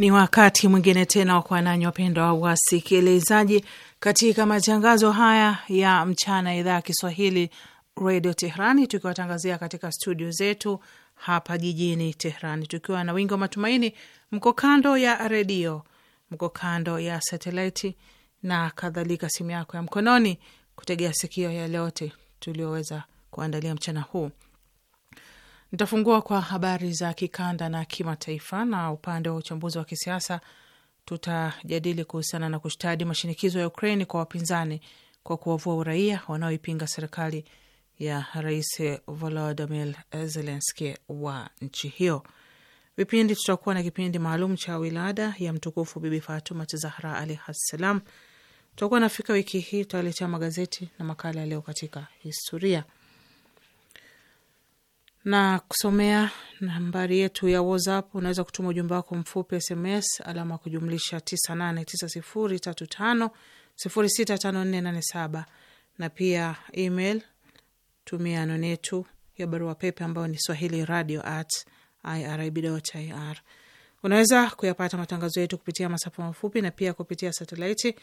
Ni wakati mwingine tena wa kuwa nanyi wapendwa wasikilizaji, katika matangazo haya ya mchana ya idhaa ya Kiswahili radio tehrani tukiwatangazia katika studio zetu hapa jijini Tehrani, tukiwa na wingi wa matumaini. Mko kando ya redio, mko kando ya satelaiti na kadhalika, simu yako ya mkononi, kutegea sikio yaleyote tulioweza kuandalia mchana huu. Nitafungua kwa habari za kikanda na kimataifa, na upande wa uchambuzi wa kisiasa tutajadili kuhusiana na kushtadi mashinikizo ya Ukraini kwa wapinzani kwa kuwavua uraia wanaoipinga serikali ya Rais Volodimir Zelenski wa nchi hiyo. Vipindi tutakuwa na kipindi maalum cha wilada ya mtukufu Bibi fatumat Zahra alahsalam salam. Tutakuwa nafika wiki hii, tutaletea magazeti na makala ya leo katika historia na kusomea nambari yetu ya WhatsApp. Unaweza kutuma ujumbe wako mfupi SMS alama kujumlisha 989035065487 na pia email tumia anwani yetu ya barua pepe ambayo ni swahili radio at irib.ir. Unaweza kuyapata matangazo yetu kupitia masafa mafupi na pia kupitia satelaiti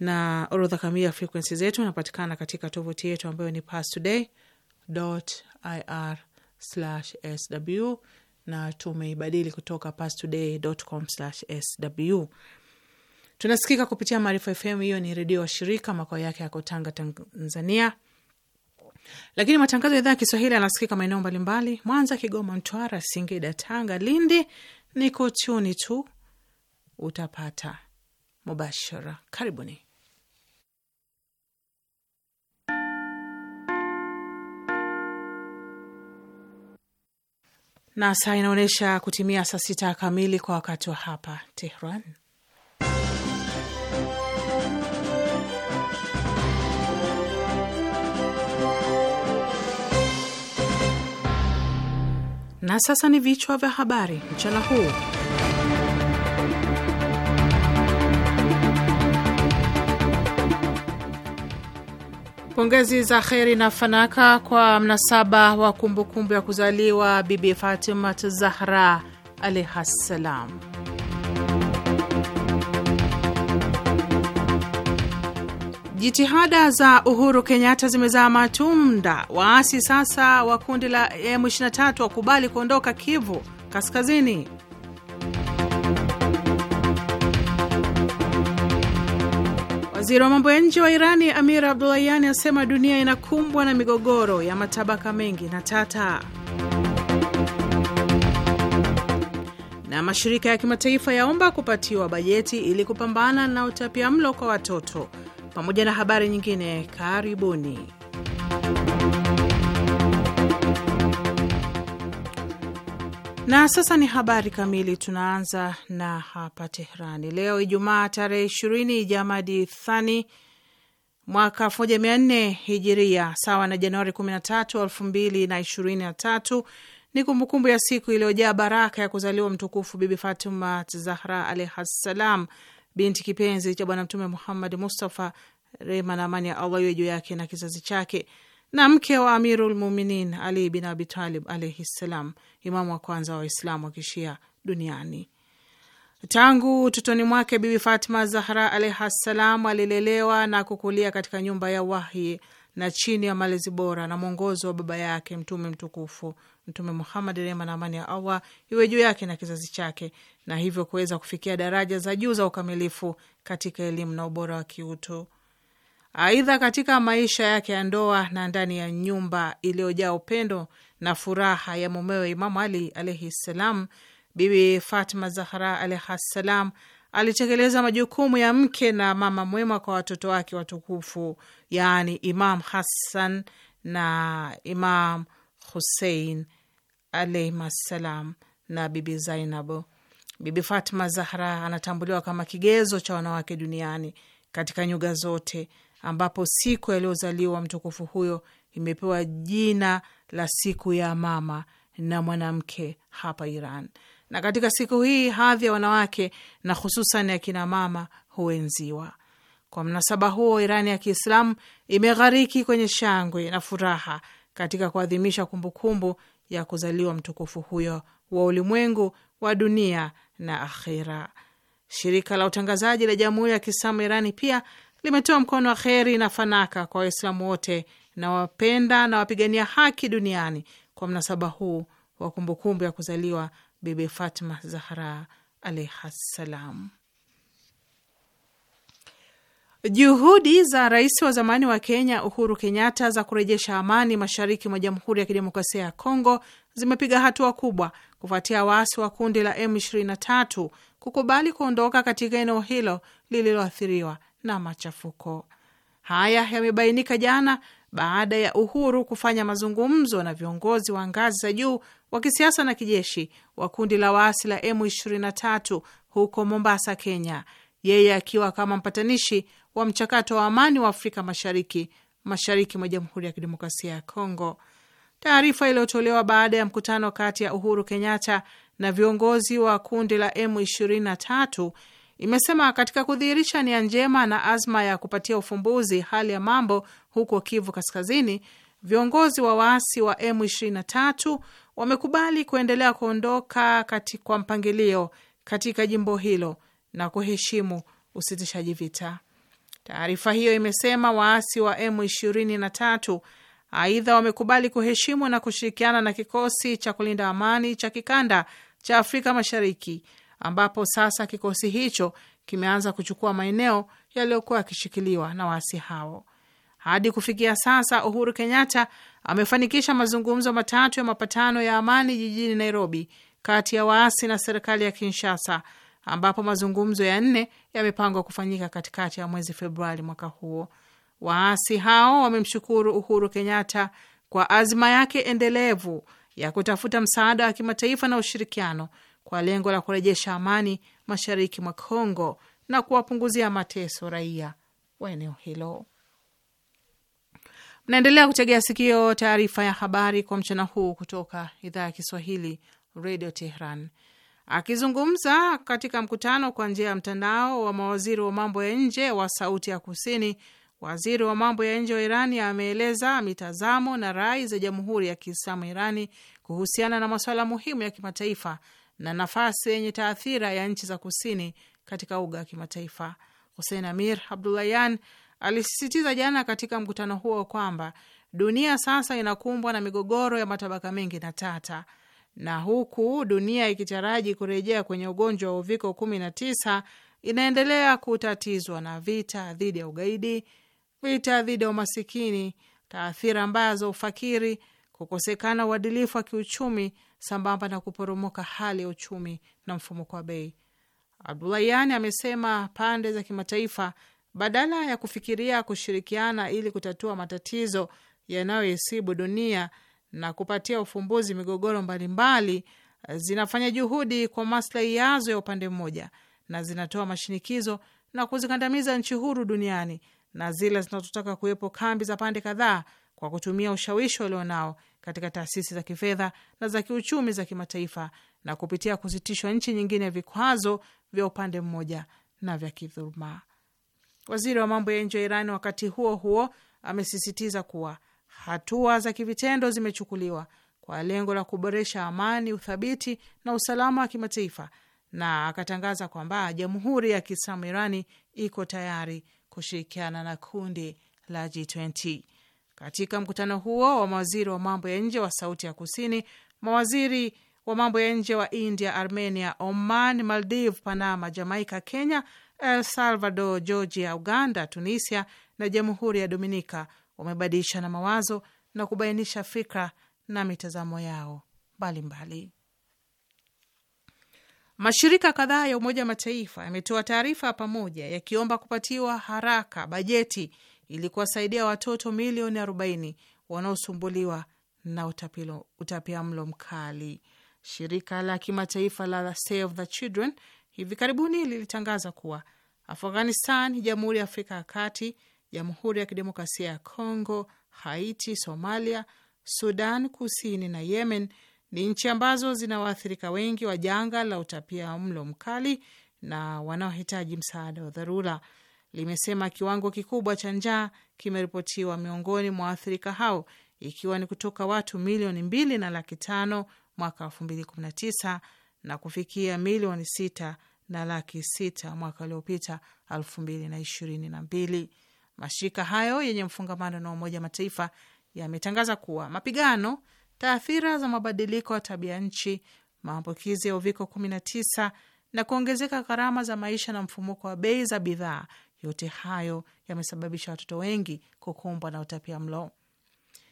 na orodha kamili ya frekuensi zetu inapatikana katika tovuti yetu ambayo ni pastoday.ir sw na tumeibadili kutoka pastoday.com sw. Tunasikika kupitia Maarifa FM, hiyo ni redio washirika, makao yake yako Tanga, Tanzania. Lakini matangazo ya idhaa ya Kiswahili yanasikika maeneo mbalimbali: Mwanza, Kigoma, Mtwara, Singida, Tanga, Lindi. Ni kuchuni tu utapata mubashara. Karibuni. na saa inaonyesha kutimia saa sita kamili kwa wakati wa hapa Tehran. Na sasa ni vichwa vya habari mchana huu. Pongezi za kheri na fanaka kwa mnasaba wa kumbukumbu ya kuzaliwa Bibi Fatimat Zahra alaihi ssalam. Jitihada za Uhuru Kenyatta zimezaa matunda. Waasi sasa wa kundi la M23 wakubali kuondoka Kivu Kaskazini. Waziri wa mambo ya nje wa Irani Amir Abdullahian asema dunia inakumbwa na migogoro ya matabaka mengi na tata. Na mashirika ya kimataifa yaomba kupatiwa bajeti ili kupambana na utapia mlo kwa watoto, pamoja na habari nyingine. Karibuni. Na sasa ni habari kamili. Tunaanza na hapa Tehrani. Leo Ijumaa tarehe ishirini Jamadi Thani mwaka nne hijiria sawa na Januari kumi na na tatu ni kumbukumbu ya siku iliyojaa baraka ya kuzaliwa mtukufu Bibi Fatima Zahra alaihis salam, binti kipenzi cha Bwana Mtume Muhammad Mustafa, rehma na amani ya Allah iwe juu yake na kizazi chake na mke wa Amirul Muminin Ali bin Abitalib alaihi ssalam, imamu wa kwanza wa Waislamu wa kishia duniani. Tangu utotoni mwake Bibi Fatima Zahra alaihi ssalam alilelewa na kukulia katika nyumba ya wahi na chini ya malezi bora na mwongozo wa baba yake Mtume mtukufu Mtume Muhammad, rehma na amani ya Allah iwe juu yake na kizazi chake, na hivyo kuweza kufikia daraja za juu za ukamilifu katika elimu na ubora wa kiutu. Aidha, katika maisha yake ya ndoa na ndani ya nyumba iliyojaa upendo na furaha ya mumewe Imamu Ali alaihi ssalam, Bibi Fatma Zahra alaihi ssalam alitekeleza majukumu ya mke na mama mwema kwa watoto wake watukufu, yaani Imam Hassan na Imam Husein alaihim assalam na Bibi Zainabu. Bibi Fatma Zahra anatambuliwa kama kigezo cha wanawake duniani katika nyuga zote ambapo siku yaliyozaliwa mtukufu huyo imepewa jina la siku ya mama na mwanamke hapa Iran. Na katika siku hii hadhi ya wanawake na hususan ya kina mama huenziwa. Kwa mnasaba huo, Irani ya Kiislamu imeghariki kwenye shangwe na furaha katika kuadhimisha kumbukumbu ya kuzaliwa mtukufu huyo wa ulimwengu wa dunia na akhira. Shirika la utangazaji la Jamhuri ya Kiislamu Irani pia limetoa mkono wa kheri na fanaka kwa Waislamu wote na wapenda na wapigania haki duniani kwa mnasaba huu wa kumbukumbu ya kuzaliwa Bibi Fatma Zahra alaihassalam. Juhudi za rais wa zamani wa Kenya Uhuru Kenyatta za kurejesha amani mashariki mwa Jamhuri ya Kidemokrasia ya Kongo zimepiga hatua kubwa kufuatia waasi wa kundi la M23 kukubali kuondoka katika eneo hilo lililoathiriwa na machafuko. Haya yamebainika jana baada ya Uhuru kufanya mazungumzo na viongozi wa ngazi za juu wa kisiasa na kijeshi wa kundi la waasi la M23 huko Mombasa, Kenya, yeye akiwa kama mpatanishi wa mchakato wa amani wa Afrika Mashariki, mashariki mwa Jamhuri ya Kidemokrasia ya Kongo. Taarifa iliyotolewa baada ya mkutano kati ya Uhuru Kenyatta na viongozi wa kundi la M23 imesema katika kudhihirisha nia njema na azma ya kupatia ufumbuzi hali ya mambo huko Kivu Kaskazini, viongozi wa waasi wa M23 wamekubali kuendelea kuondoka kwa mpangilio katika jimbo hilo na kuheshimu usitishaji vita. Taarifa hiyo imesema waasi wa M23 aidha wamekubali kuheshimu na kushirikiana na kikosi cha kulinda amani cha kikanda cha Afrika Mashariki ambapo sasa kikosi hicho kimeanza kuchukua maeneo yaliyokuwa yakishikiliwa na waasi hao. Hadi kufikia sasa, Uhuru Kenyatta amefanikisha mazungumzo matatu ya mapatano ya amani jijini Nairobi kati ya waasi na serikali ya Kinshasa, ambapo mazungumzo ya nne yamepangwa kufanyika katikati ya mwezi Februari mwaka huo. Waasi hao wamemshukuru Uhuru Kenyatta kwa azma yake endelevu ya kutafuta msaada wa kimataifa na ushirikiano kwa lengo la kurejesha amani mashariki mwa Kongo na kuwapunguzia mateso raia wa eneo hilo. Mnaendelea kutegea sikio taarifa ya habari kwa mchana huu kutoka idhaa ya Kiswahili Radio Tehran. Akizungumza katika mkutano kwa njia ya mtandao wa mawaziri wa mambo ya nje wa Sauti ya Kusini, waziri wa mambo ya nje wa Irani ameeleza mitazamo na rai za Jamhuri ya Kiislamu Irani kuhusiana na masuala muhimu ya kimataifa na nafasi yenye taathira ya nchi za kusini katika uga wa kimataifa. Hussein Amir Abdulayan alisisitiza jana katika mkutano huo kwamba dunia sasa inakumbwa na migogoro ya matabaka mengi na tata, na huku dunia ikitaraji kurejea kwenye ugonjwa wa uviko 19 inaendelea kutatizwa na vita dhidi ya ugaidi, vita dhidi ya umasikini, taathira mbaya za ufakiri, kukosekana uadilifu wa kiuchumi sambamba na kuporomoka hali ya uchumi na mfumuko wa bei. Abdulayani amesema pande za kimataifa badala ya kufikiria kushirikiana ili kutatua matatizo yanayoisibu dunia na kupatia ufumbuzi migogoro mbalimbali, zinafanya juhudi kwa maslahi yazo ya upande mmoja na zinatoa mashinikizo na kuzikandamiza nchi huru duniani na zile zinazotaka kuwepo kambi za pande kadhaa kwa kutumia ushawishi walionao katika taasisi za kifedha na za kiuchumi za kimataifa na kupitia kuzitishwa nchi nyingine vikwazo vya upande mmoja na vya kidhuluma. Waziri wa mambo ya nje wa Iran wakati huo huo amesisitiza kuwa hatua za kivitendo zimechukuliwa kwa lengo la kuboresha amani, uthabiti na usalama wa kimataifa, na akatangaza kwamba Jamhuri ya Kiislamu Irani iko tayari kushirikiana na kundi la G20. Katika mkutano huo wa mawaziri wa mambo ya nje wa Sauti ya Kusini, mawaziri wa mambo ya nje wa India, Armenia, Oman, Maldive, Panama, Jamaica, Kenya, El Salvador, Georgia, Uganda, Tunisia na Jamhuri ya Dominika wamebadilishana mawazo na kubainisha fikra na mitazamo yao mbalimbali. Mashirika kadhaa ya Umoja wa Mataifa yametoa taarifa pamoja yakiomba kupatiwa haraka bajeti ili kuwasaidia watoto milioni 40 wanaosumbuliwa na utapilo, utapiamlo mkali. Shirika la kimataifa la Save the Children hivi karibuni lilitangaza kuwa Afghanistan, Jamhuri ya Afrika ya Kati, Jamhuri ya Kidemokrasia ya Kongo, Haiti, Somalia, Sudan Kusini na Yemen ni nchi ambazo zina waathirika wengi wa janga la utapia mlo mkali na wanaohitaji msaada wa dharura limesema kiwango kikubwa cha njaa kimeripotiwa miongoni mwa waathirika hao ikiwa ni kutoka watu milioni mbili na laki tano mwaka elfu mbili kumi na tisa na kufikia milioni sita na laki sita mwaka uliopita elfu mbili na ishirini na mbili. Mashirika hayo yenye mfungamano na Umoja Mataifa yametangaza kuwa mapigano, taathira za mabadiliko ya tabia nchi, maambukizi ya uviko 19 na kuongezeka gharama za maisha na mfumuko wa bei za bidhaa yote hayo yamesababisha watoto wengi kukumbwa na utapia mlo.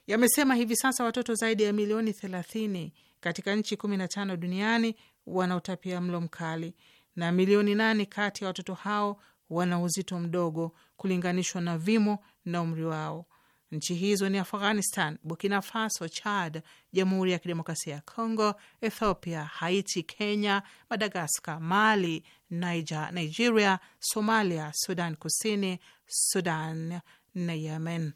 Yamesema hivi sasa watoto zaidi ya milioni thelathini katika nchi kumi na tano duniani wana utapia mlo mkali na milioni nane kati ya watoto hao wana uzito mdogo kulinganishwa na vimo na umri wao. Nchi hizo ni Afghanistan, Burkina Faso, Chad, Jamhuri ya Kidemokrasia ya Kongo, Ethiopia, Haiti, Kenya, Madagaskar, Mali, Niger, Nigeria, Somalia, Sudan Kusini, Sudan na Yemen.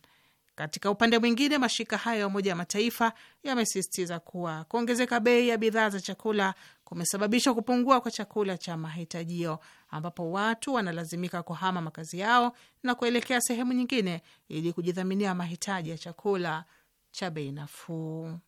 Katika upande mwingine, mashirika hayo ya Umoja wa Mataifa yamesisitiza kuwa kuongezeka bei ya bidhaa za chakula kumesababisha kupungua kwa chakula cha mahitajio ambapo watu wanalazimika kuhama makazi yao na kuelekea sehemu nyingine ili kujidhaminia mahitaji ya chakula cha bei nafuu.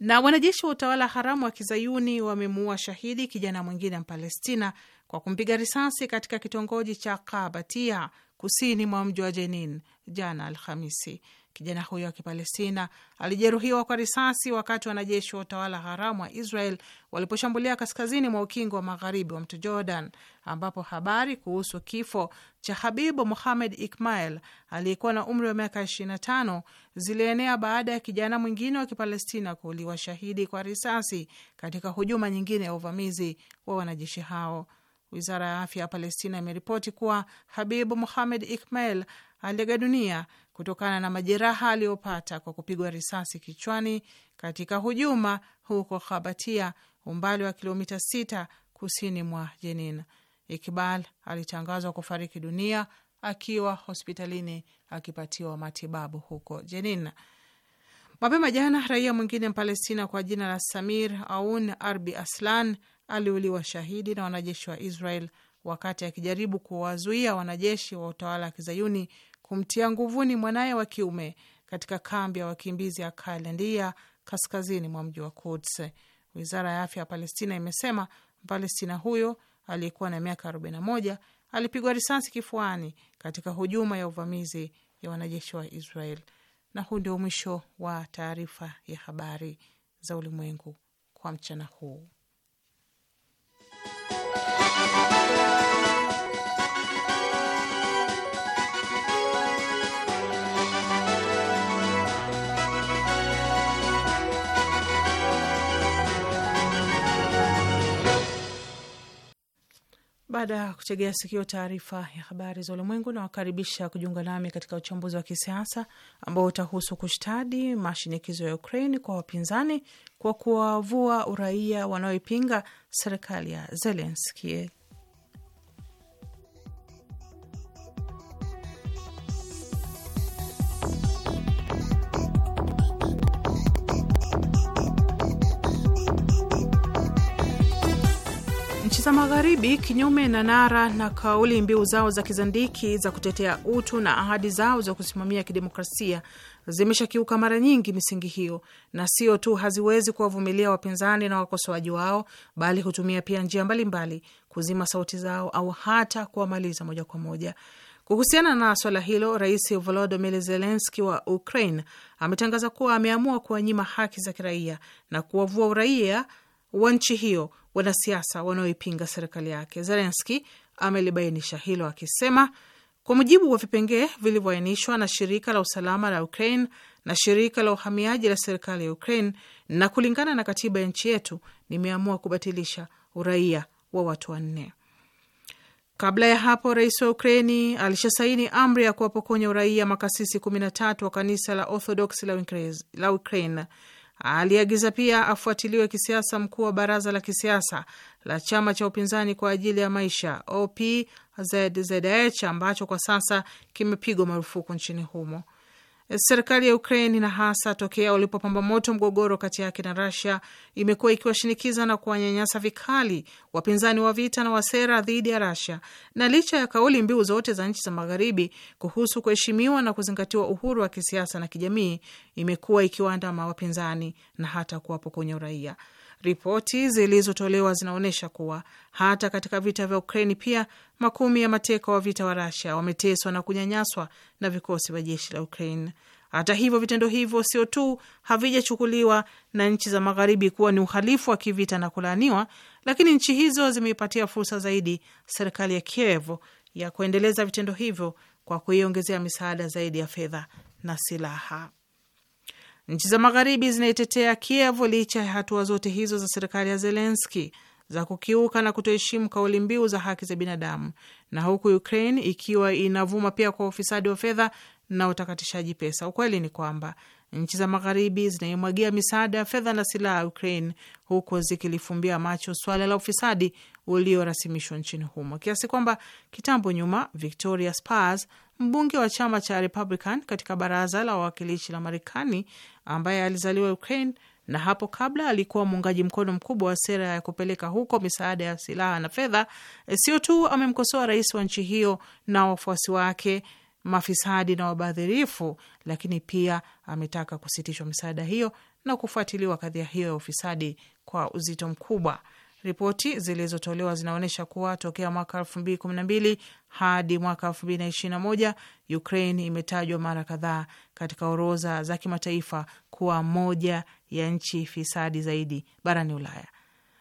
Na wanajeshi wa utawala haramu wa kizayuni wamemuua shahidi kijana mwingine Mpalestina kwa kumpiga risasi katika kitongoji cha Kabatia kusini mwa mji wa Jenin jana Alhamisi. Kijana huyo wa Kipalestina alijeruhiwa kwa risasi wakati wanajeshi wa utawala haramu wa Israel waliposhambulia kaskazini mwa ukingo wa magharibi wa mto Jordan, ambapo habari kuhusu kifo cha Habibu Muhamed Ikmail aliyekuwa na umri wa miaka 25 zilienea baada ya kijana mwingine wa Kipalestina kuuliwa shahidi kwa risasi katika hujuma nyingine ya uvamizi wa wanajeshi hao. Wizara ya afya ya Palestina imeripoti kuwa Habibu Muhamed Ikmail aliaga dunia kutokana na majeraha aliyopata kwa kupigwa risasi kichwani katika hujuma huko Khabatia, umbali wa kilomita sita kusini mwa Jenin. Ikbal alitangazwa kufariki dunia akiwa hospitalini akipatiwa matibabu huko Jenin. Mapema jana, raia mwingine Mpalestina kwa jina la Samir Aun Arbi Aslan aliuliwa shahidi na wanajeshi wa Israel wakati akijaribu kuwazuia wanajeshi wa utawala wa kizayuni kumtia nguvuni mwanaye wa kiume katika kambi ya wakimbizi ya Kalandia kaskazini mwa mji wa Kuds. Wizara ya afya ya Palestina imesema Palestina huyo aliyekuwa na miaka 41 alipigwa risasi kifuani katika hujuma ya uvamizi ya wanajeshi wa Israel. Na huu ndio mwisho wa taarifa ya habari za ulimwengu kwa mchana huu. Baada ya kutegea sikio taarifa ya habari za ulimwengu, nawakaribisha kujiunga nami katika uchambuzi wa kisiasa ambao utahusu kushtadi mashinikizo ya Ukraine kwa wapinzani kwa kuwavua uraia wanaoipinga serikali ya Zelenski. za Magharibi, kinyume na nara na kauli mbiu zao za kizandiki za kutetea utu na ahadi zao za kusimamia kidemokrasia, zimeshakiuka mara nyingi misingi hiyo, na sio tu haziwezi kuwavumilia wapinzani na wakosoaji wao, bali hutumia pia njia mbalimbali mbali kuzima sauti zao au hata kuwamaliza moja kwa moja. Kuhusiana na swala hilo, Rais Volodymyr Zelenski wa Ukraine ametangaza kuwa ameamua kuwanyima haki za kiraia na kuwavua uraia wa nchi hiyo wanasiasa wanaoipinga serikali yake. Zelenski amelibainisha hilo akisema, kwa mujibu wa vipengee vilivyoainishwa na shirika la usalama la Ukraine na shirika la uhamiaji la serikali ya Ukraine na kulingana na katiba ya nchi yetu, nimeamua kubatilisha uraia wa watu wanne. Kabla ya hapo, rais wa Ukraini alishasaini amri ya kuwapokonya uraia makasisi 13 wa kanisa la Orthodox la Ukraine. Aliagiza pia afuatiliwe kisiasa mkuu wa baraza la kisiasa la chama cha upinzani kwa ajili ya maisha OPZZH ambacho kwa sasa kimepigwa marufuku nchini humo. Serikali ya Ukraine na hasa tokea ulipopamba moto mgogoro kati yake na Russia imekuwa ikiwashinikiza na kuwanyanyasa vikali wapinzani wa vita na wasera dhidi ya Russia, na licha ya kauli mbiu zote za nchi za Magharibi kuhusu kuheshimiwa na kuzingatiwa uhuru wa kisiasa na kijamii, imekuwa ikiwaandama wapinzani na hata kuwapokonya uraia. Ripoti zilizotolewa zinaonyesha kuwa hata katika vita vya Ukraini pia makumi ya mateka wa vita wa Rasia wameteswa na kunyanyaswa na vikosi vya jeshi la ukraine Hata hivyo, vitendo hivyo sio tu havijachukuliwa na nchi za magharibi kuwa ni uhalifu wa kivita na kulaaniwa, lakini nchi hizo zimeipatia fursa zaidi serikali ya Kiev ya kuendeleza vitendo hivyo kwa kuiongezea misaada zaidi ya fedha na silaha. Nchi za magharibi zinaitetea Kievu licha ya hatua zote hizo za serikali ya Zelenski za kukiuka na kutoheshimu kauli mbiu za haki za binadamu, na huku Ukraine ikiwa inavuma pia kwa ufisadi wa fedha na utakatishaji pesa. Ukweli ni kwamba nchi za magharibi zinaimwagia misaada ya fedha na silaha ya Ukraine, huku zikilifumbia macho swala la ufisadi uliorasimishwa nchini humo, kiasi kwamba kitambo nyuma Victoria Spars, mbunge wa chama cha Republican katika baraza la wawakilishi la Marekani, ambaye alizaliwa Ukraine na hapo kabla alikuwa muungaji mkono mkubwa wa sera ya kupeleka huko misaada ya silaha na fedha, sio tu amemkosoa rais wa nchi hiyo na wafuasi wake mafisadi na wabadhirifu, lakini pia ametaka kusitishwa misaada hiyo na kufuatiliwa kadhia hiyo ya ufisadi kwa uzito mkubwa. Ripoti zilizotolewa zinaonyesha kuwa tokea mwaka elfu mbili kumi na mbili hadi mwaka elfu mbili na ishirini na moja Ukraine imetajwa mara kadhaa katika orodha za kimataifa kuwa moja ya nchi fisadi zaidi barani Ulaya.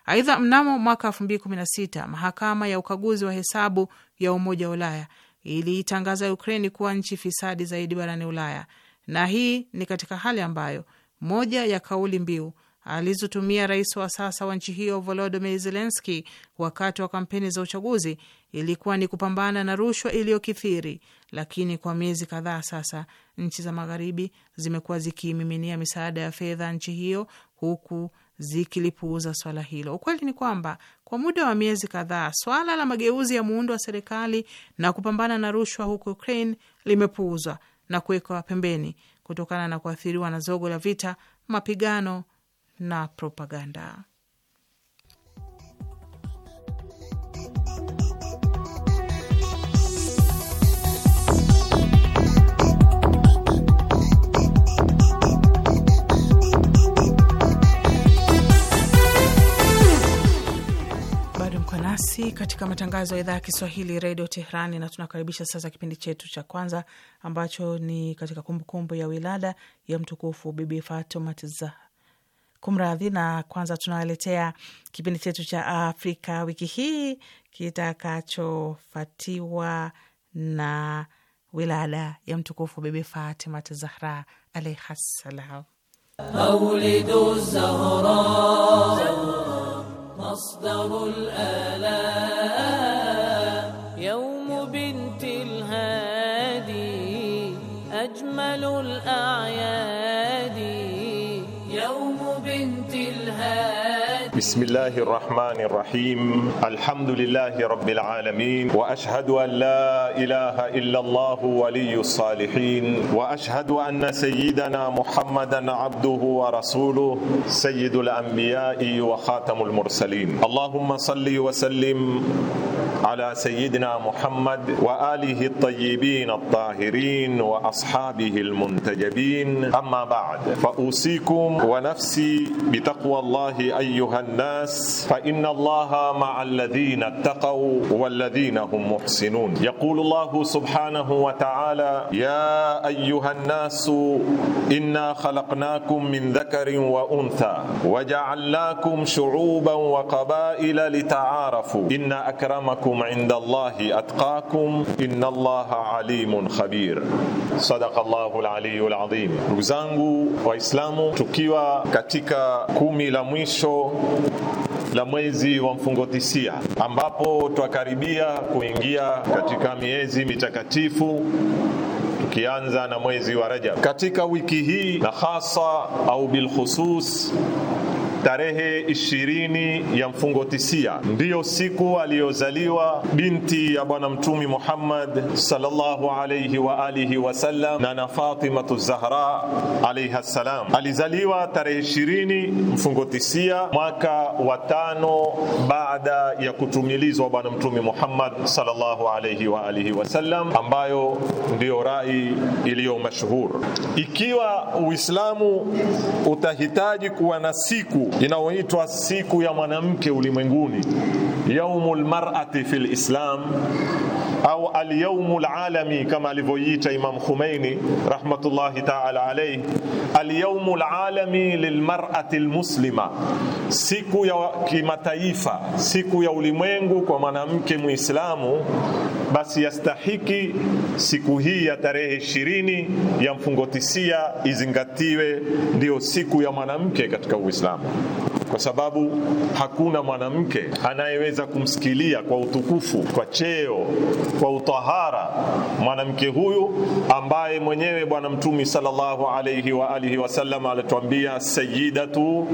Aidha, mnamo mwaka elfu mbili kumi na sita mahakama ya ukaguzi wa hesabu ya Umoja wa Ulaya iliitangaza Ukraine kuwa nchi fisadi zaidi barani Ulaya, na hii ni katika hali ambayo moja ya kauli mbiu alizotumia rais wa sasa wa nchi hiyo Volodymyr Zelensky wakati wa kampeni za uchaguzi ilikuwa ni kupambana na rushwa iliyokithiri, lakini kwa miezi kadhaa sasa nchi za magharibi zimekuwa zikiimiminia misaada ya fedha nchi hiyo huku zikilipuuza swala hilo. Ukweli ni kwamba kwa muda wa miezi kadhaa swala la mageuzi ya muundo wa serikali na kupambana na rushwa huko Ukraine limepuuzwa na kuwekwa pembeni kutokana na kuathiriwa na zogo la vita, mapigano na propaganda. nasi katika matangazo ya idhaa ya Kiswahili redio Teherani, na tunakaribisha sasa kipindi chetu cha kwanza ambacho ni katika kumbukumbu kumbu ya wilada ya mtukufu Bibi Fatumat Zahra Kumradhi. Na kwanza tunawaletea kipindi chetu cha Afrika wiki hii kitakachofatiwa na wilada ya mtukufu Bibi Fatima Zahra alaiha salam. بسم الله الرحمن الرحيم الحمد لله رب العالمين واشهد ان لا اله الا الله ولي الصالحين واشهد ان سيدنا محمدا عبده ورسوله سيد الانبياء وخاتم المرسلين اللهم صل وسلم على سيدنا محمد واله الطيبين الطاهرين واصحابه المنتجبين اما بعد فاوصيكم ونفسي بتقوى الله ايها الناس فإن الله مع الذين اتقوا والذين هم محسنون يقول الله سبحانه وتعالى يا أيها الناس إنا خلقناكم من ذكر وأنثى وجعلناكم شعوبا وقبائل لتعارفوا إن أكرمكم عند الله أتقاكم إن الله alimun khabir. Sadaqa Allahu al-aliyyul adhim. Ndugu zangu Waislamu, tukiwa katika la mwezi wa mfungo tisia, ambapo twakaribia kuingia katika miezi mitakatifu tukianza na mwezi wa Rajab katika wiki hii na hasa au bilkhusus tarehe ishirini ya mfungo tisia ndiyo siku aliyozaliwa binti ya Bwana Mtumi Muhammad sallallahu alayhi wa alihi wasallam na na Fatimatu Zahra alayha salam. Alizaliwa tarehe ishirini mfungo tisia mwaka wa tano baada ya kutumilizwa Bwana Mtumi Muhammad sallallahu alayhi wa alihi wasallam, ambayo ndiyo rai iliyo mashhur. Ikiwa Uislamu utahitaji kuwa na siku inayoitwa siku ya mwanamke ulimwenguni, yaumul mar'ati fil Islam au alyaumu alami kama alivyoiita Imam Khomeini rahmatullahi ta'ala alayhi, alyaumu alami lilmar'ati almuslima, siku ya kimataifa, siku ya ulimwengu kwa mwanamke Muislamu. Basi yastahiki siku hii ya tarehe ishirini ya mfungo tisia izingatiwe, ndiyo siku ya mwanamke katika Uislamu kwa sababu hakuna mwanamke anayeweza kumsikilia kwa utukufu, kwa cheo, kwa utahara mwanamke huyu ambaye mwenyewe Bwana Mtume sallallahu alayhi wa alihi wasallam alituambia sayyidatu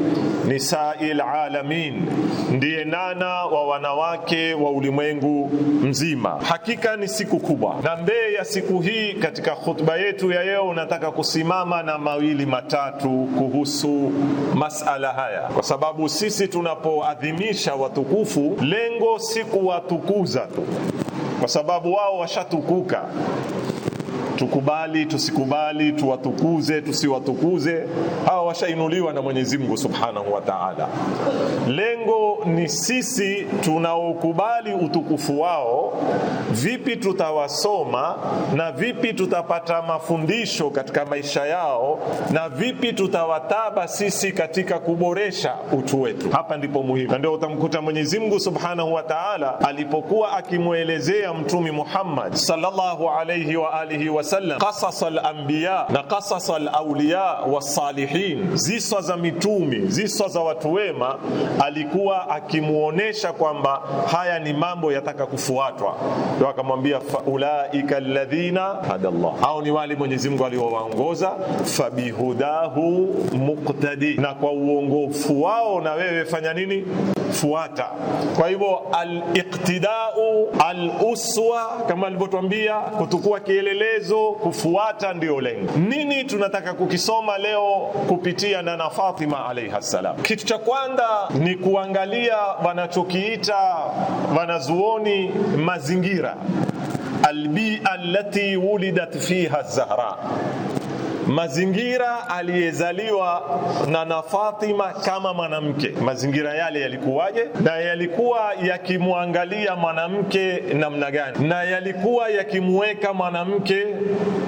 nisail alamin, ndiye nana wa wanawake wa ulimwengu mzima. Hakika ni siku kubwa, na mbele ya siku hii katika khutba yetu ya leo unataka kusimama na mawili matatu kuhusu masala haya kwa sababu sababu sisi tunapoadhimisha watukufu, lengo si kuwatukuza tu, kwa sababu wao washatukuka tukubali tusikubali, tuwatukuze tusiwatukuze, hawa washainuliwa na Mwenyezi Mungu Subhanahu wa Ta'ala. Lengo ni sisi tunaokubali utukufu wao, vipi tutawasoma na vipi tutapata mafundisho katika maisha yao na vipi tutawataba sisi katika kuboresha utu wetu. Hapa ndipo muhimu, na ndio utamkuta Mwenyezi Mungu Subhanahu wa Ta'ala alipokuwa akimwelezea Mtume Muhammad sallallahu alayhi wa alihi wa wasallam qasas al-anbiya na qasas al-awliya was-salihin, ziswa za mitume, ziswa za watu wema, alikuwa akimuonesha kwamba haya ni mambo yataka kufuatwa. Ndio akamwambia ulaika alladhina Allah, hao ni wale Mwenyezi Mungu aliowaongoza, fabihudahu muqtadi, na kwa uongofu wao na wewe fanya nini? Fuata. Kwa hivyo al-iqtidau al-uswa, kama alivyotwambia kutukua kielelezo kufuata ndio lengo. Nini tunataka kukisoma leo kupitia Nana Fatima alaiha salam? Kitu cha kwanza ni kuangalia wanachokiita wanazuoni mazingira, albia allati wulidat fiha Zahra mazingira aliyezaliwa na na Fatima kama mwanamke, mazingira yale yalikuwaje, na yalikuwa yakimwangalia mwanamke namna gani, na yalikuwa yakimweka mwanamke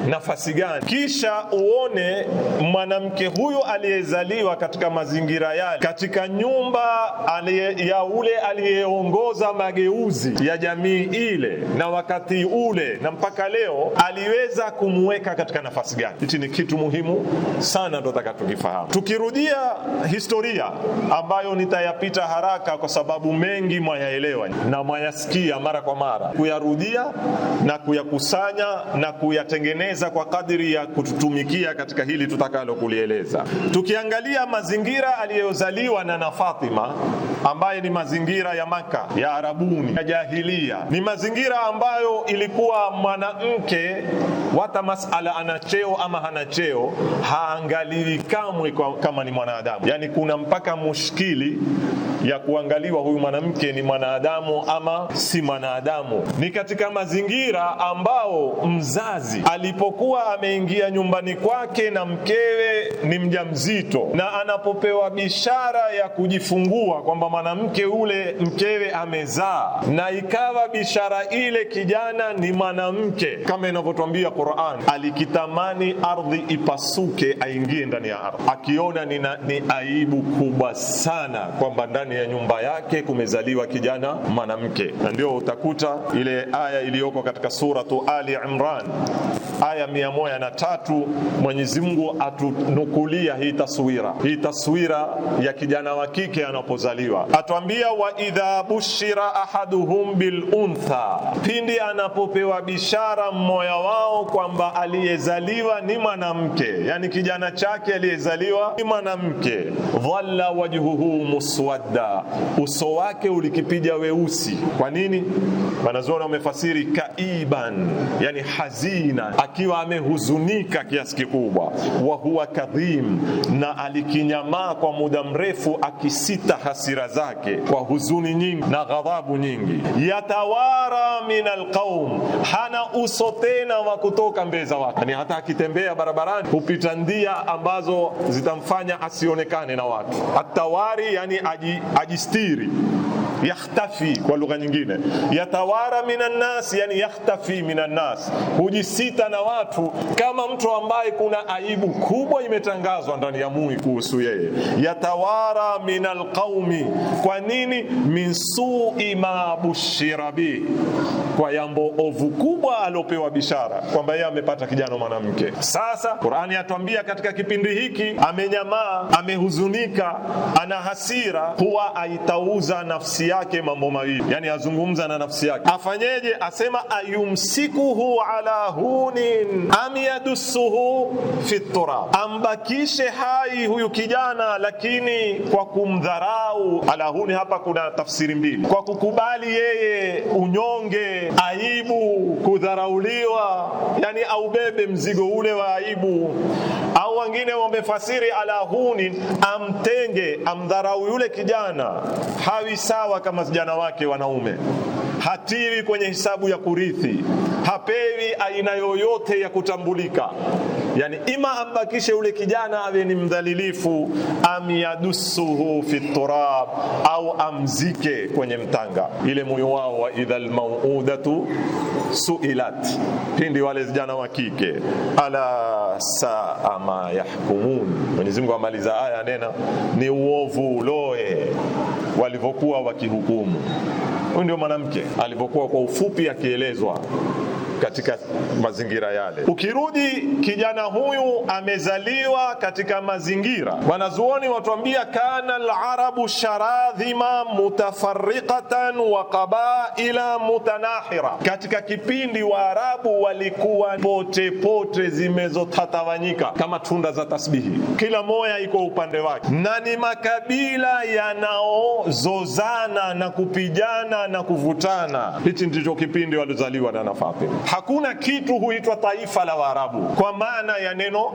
nafasi gani, kisha uone mwanamke huyu aliyezaliwa katika mazingira yale, katika nyumba alie, ya ule aliyeongoza mageuzi ya jamii ile na wakati ule na mpaka leo, aliweza kumweka katika nafasi gani. Hichi ni kitu kitu muhimu sana, ndo tukifahamu. Tukirudia historia ambayo nitayapita haraka, kwa sababu mengi mwayaelewa na mwayasikia mara kwa mara, kuyarudia na kuyakusanya na kuyatengeneza kwa kadiri ya kututumikia katika hili tutakalo kulieleza. Tukiangalia mazingira aliyozaliwa na na Fatima, ambaye ni mazingira ya Maka ya Arabuni ya jahilia, ni mazingira ambayo ilikuwa mwanamke wata masala ana cheo ama hana cheo haangaliwi kamwe kama ni mwanadamu. Yani kuna mpaka mushkili ya kuangaliwa huyu mwanamke ni mwanadamu ama si mwanadamu. Ni katika mazingira ambao mzazi alipokuwa ameingia nyumbani kwake na mkewe ni mjamzito, na anapopewa bishara ya kujifungua kwamba mwanamke ule mkewe amezaa, na ikawa bishara ile kijana ni mwanamke, kama inavyotwambia Qur'an, alikitamani ardhi ipasuke aingie ndani ya ardhi, akiona na, ni aibu kubwa sana kwamba ndani ya nyumba yake kumezaliwa kijana mwanamke. Na ndio utakuta ile aya iliyoko katika suratu Ali Imran aya mia moja na tatu Mwenyezi Mungu atunukulia hii taswira, hii taswira ya kijana wa kike anapozaliwa, atuambia wa idha bushira ahaduhum bil untha, pindi anapopewa bishara mmoja wao kwamba aliyezaliwa ni mwana mwanamke, yani kijana chake aliyezaliwa ni mwanamke. Dhalla wajhuhu muswadda, uso wake ulikipija weusi. Kwa nini? Wanazuoni wamefasiri kaiban, yani hazina, akiwa amehuzunika kiasi kikubwa. Wa huwa kadhim, na alikinyamaa kwa muda mrefu, akisita hasira zake kwa huzuni nyingi na ghadhabu nyingi. Yatawara min alqaum, hana uso tena wa kutoka mbele za watu, yani hata akitembea barabara barabarani hupita ndia ambazo zitamfanya asionekane na watu. Atawari, yani ajistiri aji yakhtafi, kwa lugha nyingine yatawara minan nas, yani yakhtafi minan nas, hujisita na watu, kama mtu ambaye kuna aibu kubwa imetangazwa ndani ya mui kuhusu yeye. Yatawara minal qaumi, kwa nini? Min sui ma bushira bi, kwa jambo ovu kubwa aliopewa bishara kwamba yeye amepata kijana mwanamke. Sasa Qur'ani yatuambia katika kipindi hiki amenyamaa, amehuzunika, ana hasira, huwa aitauza nafsi yake mambo mawili, yani azungumza na nafsi yake, afanyeje? Asema ayumsikuhu ala hunin am yadussuhu fi turab, ambakishe hai huyu kijana lakini kwa kumdharau. Ala huni hapa kuna tafsiri mbili, kwa kukubali yeye unyonge, aibu, kudharauliwa, yani aubebe mzigo ule wa aibu, au wengine wamefasiri ala huni, amtenge, amdharau yule kijana hawi sawa mpaka vijana wake wanaume. Hatiwi kwenye hisabu ya kurithi, hapewi aina yoyote ya kutambulika. Yani ima ambakishe ule kijana awe ni mdhalilifu, am fi turab, au amzike kwenye mtanga. Ile moyo wao wa idha almauudatu suilat, pindi wale vijana wa kike, ala saa ma yahkumun. Mwenyezi Mungu amaliza aya, nena ni uovu uloe walivyokuwa kihukumu. Huyu ndio mwanamke alivyokuwa kwa ufupi akielezwa katika mazingira yale. Ukirudi kijana huyu amezaliwa katika mazingira, wanazuoni watuambia, kana alarabu sharadhima mutafarriqatan wa qabaila mutanahira, katika kipindi Waarabu walikuwa pote pote zimezotatawanyika kama tunda za tasbihi, kila moya iko upande wake, na ni makabila yanaozozana na kupijana na kuvutana. Hichi ndicho kipindi walizaliwa na Fatima Hakuna kitu huitwa taifa la Waarabu kwa maana ya neno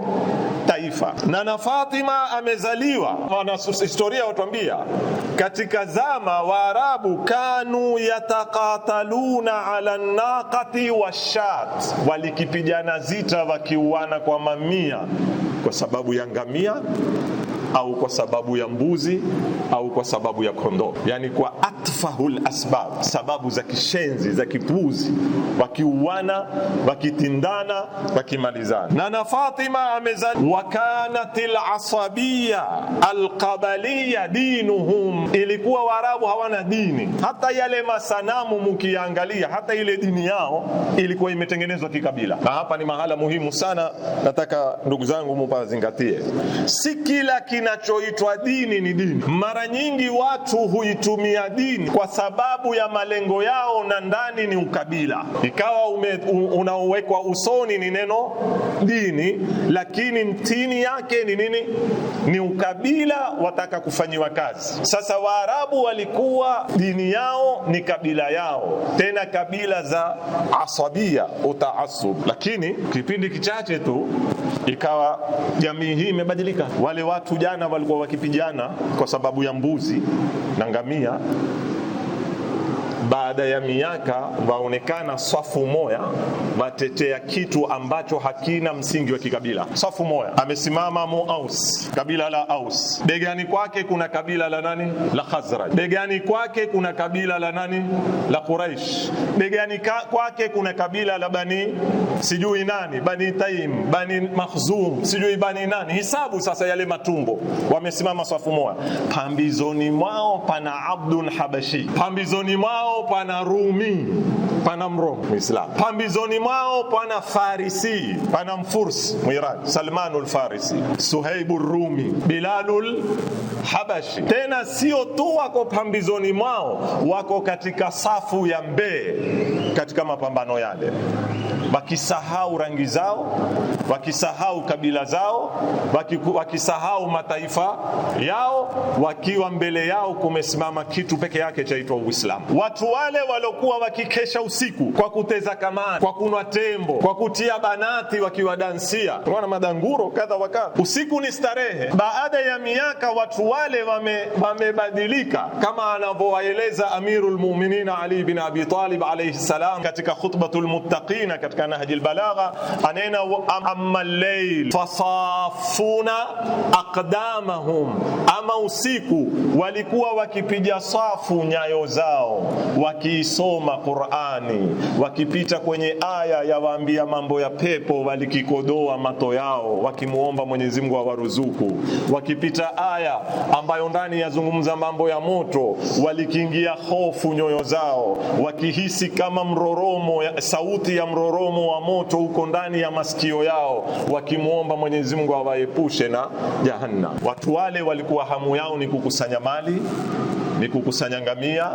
taifa. Na na Fatima amezaliwa, wanahistoria watuambia katika zama Waarabu kanu yataqataluna ala naqati washat, walikipigana zita wakiuana kwa mamia kwa sababu ya ngamia au kwa sababu ya mbuzi au kwa sababu ya kondoo, yani kwa atfahul asbab, sababu za kishenzi za kipuzi, wakiuana wakitindana wakimalizana. Na na Fatima amezali wa kanat alqabaliya dinuhum, ilikuwa Waarabu hawana dini. Hata yale masanamu mukiangalia, hata ile dini yao ilikuwa imetengenezwa kikabila, na hapa ni mahala muhimu sana, nataka ndugu zangu mupazingatie, si kila kinachoitwa dini ni dini. Mara nyingi watu huitumia dini kwa sababu ya malengo yao, na ndani ni ukabila, ikawa unaowekwa usoni ni neno dini, lakini mtini yake ni nini? Ni ukabila, wataka kufanyiwa kazi. Sasa Waarabu walikuwa dini yao ni kabila yao, tena kabila za asabia utaasub, lakini kipindi kichache tu ikawa jamii hii imebadilika. Wale watu jana walikuwa wakipijana kwa sababu ya mbuzi na ngamia baada ya miaka waonekana safu moya watetea kitu ambacho hakina msingi wa kikabila. Safu moya amesimama Mu Aus, kabila la Aus. Begani kwake kuna kabila la nani? La Khazraj. Begani kwake kuna kabila la nani? La Quraish. Begani kwake kuna kabila la Bani sijui nani, Bani Taim, Bani Makhzum, sijui Bani nani. Hisabu sasa yale matumbo, wamesimama safu moya. Pambizoni mwao pana Abdun Habashi, pambizoni mwao mwao pana Rumi, pana Mrom Muislam, pambizoni mwao pana Farisi, pana Mfursi Mwirani, Salmanul Farisi, Suhaibu Rumi, Bilalul Habashi. Tena sio tu wako pambizoni mwao, wako katika safu ya mbee katika mapambano yale wakisahau rangi zao, wakisahau kabila zao, wakisahau mataifa yao, wakiwa mbele yao kumesimama kitu peke yake chaitwa Uislamu. Watu wale walokuwa wakikesha usiku kwa kuteza kamani, kwa kunwa tembo, kwa kutia banati, wakiwadansia na madanguro kadha wakadha, usiku ni starehe. Baada ya miaka watu wale wamebadilika, wame kama anavyowaeleza Amirul Mu'minin Ali bin Abi Talib alayhi salam katika khutbatul muttaqina katika katika Nahji balagha anena amma layl fasafuna aqdamahum, ama usiku walikuwa wakipiga safu nyayo zao wakiisoma Qur'ani, wakipita kwenye aya ya waambia mambo ya pepo, walikikodoa mato yao wakimuomba Mwenyezi Mungu awaruzuku, wakipita aya ambayo ndani yazungumza mambo ya moto, walikiingia hofu nyoyo zao wakihisi kama mroromo, sauti ya mroromo mdomo wa moto huko ndani ya masikio yao, wakimwomba Mwenyezi Mungu awaepushe na jahannam. Watu wale walikuwa hamu yao ni kukusanya mali ni kukusanya ngamia,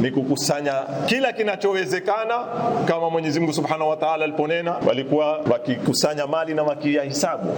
ni kukusanya kila kinachowezekana, kama Mwenyezi Mungu Subhanahu wa Ta'ala aliponena, walikuwa wakikusanya mali na wakiyahisabu.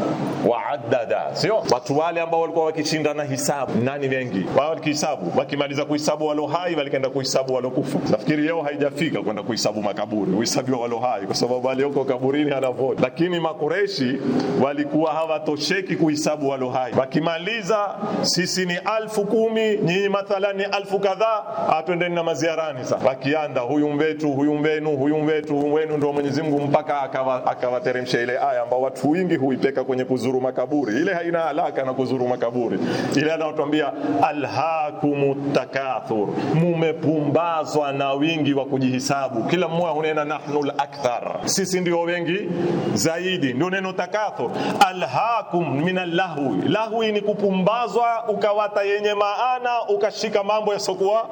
Waadada, sio watu wale ambao walikuwa wakishinda na hisabu, nani wengi wao, wakihisabu, wakimaliza kuhisabu walio hai, walikaenda kuhisabu walokufa. Nafikiri leo haijafika kwenda kuhisabu makaburi, wa walio hai, kwa sababu walioko kaburini anavoti, lakini makureshi walikuwa hawatosheki kuhisabu walio hai, wakimaliza, sisi ni alfu kumi, nyinyi mathalan ni yaani, alfu kadhaa, atwendeni ah, na maziarani sasa. Wakianda huyu mwetu huyu mwenu huyu mwetu mwenu, ndio Mwenyezi Mungu mpaka akawateremsha ile aya ambao watu wingi huipeka kwenye kuzuru makaburi. Ile haina alaka na kuzuru makaburi, ile anatuambia alhakumut takathur, mumepumbazwa na wingi wa kujihisabu. Kila mmoja hunena nahnu akthar, sisi ndio wengi zaidi, ndio neno takathur. Alhakum minal lahwi, lahwi ni kupumbazwa ukawata yenye maana ukashika mambo yasokuwa